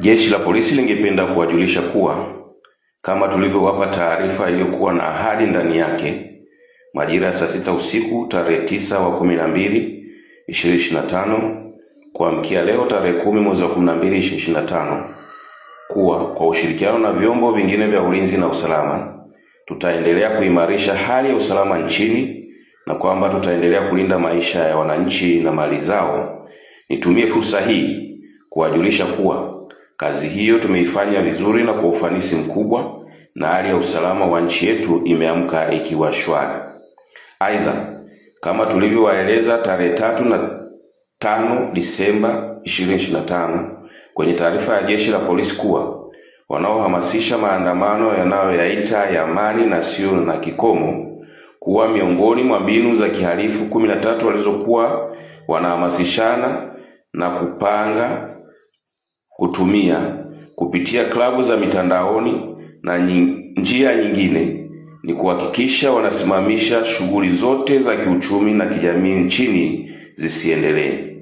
Jeshi la polisi lingependa kuwajulisha kuwa kama tulivyowapa taarifa iliyokuwa na ahadi ndani yake, majira ya saa sita usiku tarehe tisa wa kumi na mbili kuamkia leo tarehe kumi mwezi wa 12 2025 kuwa kwa ushirikiano na vyombo vingine vya ulinzi na usalama tutaendelea kuimarisha hali ya usalama nchini na kwamba tutaendelea kulinda maisha ya wananchi na mali zao. Nitumie fursa hii kuwajulisha kuwa Kazi hiyo tumeifanya vizuri na kwa ufanisi mkubwa na hali ya usalama wa nchi yetu imeamka ikiwa shwari. Aidha, kama tulivyowaeleza tarehe tatu na tano Disemba 2025 kwenye taarifa ya Jeshi la Polisi kuwa wanaohamasisha maandamano yanayoyaita ya amani na sio na kikomo kuwa miongoni mwa mbinu za kihalifu 13 walizokuwa wanahamasishana na kupanga kutumia kupitia klabu za mitandaoni na njia nyingine ni kuhakikisha wanasimamisha shughuli zote za kiuchumi na kijamii nchini zisiendelee.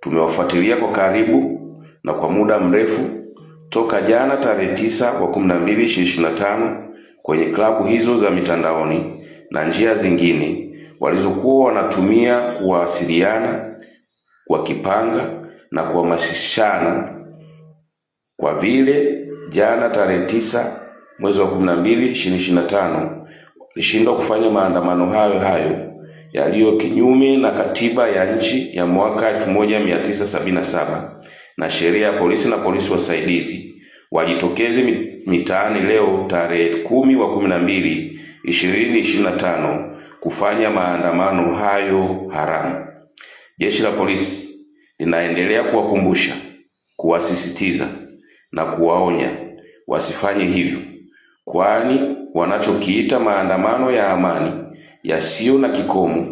Tumewafuatilia kwa karibu na kwa muda mrefu toka jana tarehe tisa kwa kumi na mbili ishirini na tano kwenye klabu hizo za mitandaoni na njia zingine walizokuwa wanatumia kuwasiliana, wakipanga na kuhamasishana kwa vile jana tarehe tisa mwezi wa 12 2025 walishindwa kufanya maandamano hayo hayo yaliyo kinyume na katiba ya nchi ya mwaka 1977 na sheria ya polisi na polisi wasaidizi, wajitokeze mitaani leo tarehe kumi wa 12 2025 kufanya maandamano hayo haramu. Jeshi la polisi linaendelea kuwakumbusha, kuwasisitiza na kuwaonya wasifanye hivyo, kwani wanachokiita maandamano ya amani yasiyo na kikomo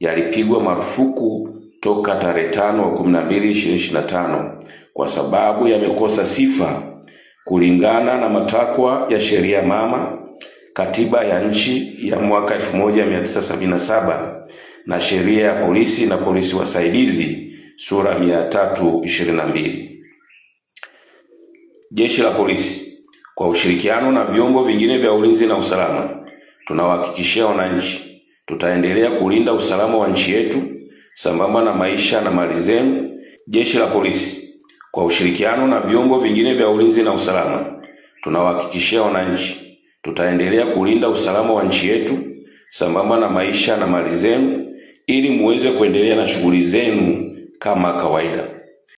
yalipigwa marufuku toka tarehe tano wa kumi na mbili ishirini na tano kwa sababu yamekosa sifa kulingana na matakwa ya sheria mama, katiba ya nchi ya mwaka 1977 na sheria ya polisi na polisi wasaidizi sura 322. Jeshi la Polisi kwa ushirikiano na vyombo vingine vya ulinzi na usalama, tunawahakikishia wananchi tutaendelea kulinda usalama wa nchi yetu sambamba na maisha na mali zenu. Jeshi la Polisi kwa ushirikiano na vyombo vingine vya ulinzi na usalama, tunawahakikishia wananchi tutaendelea kulinda usalama wa nchi yetu sambamba na maisha na mali zenu ili muweze kuendelea na shughuli zenu kama kawaida.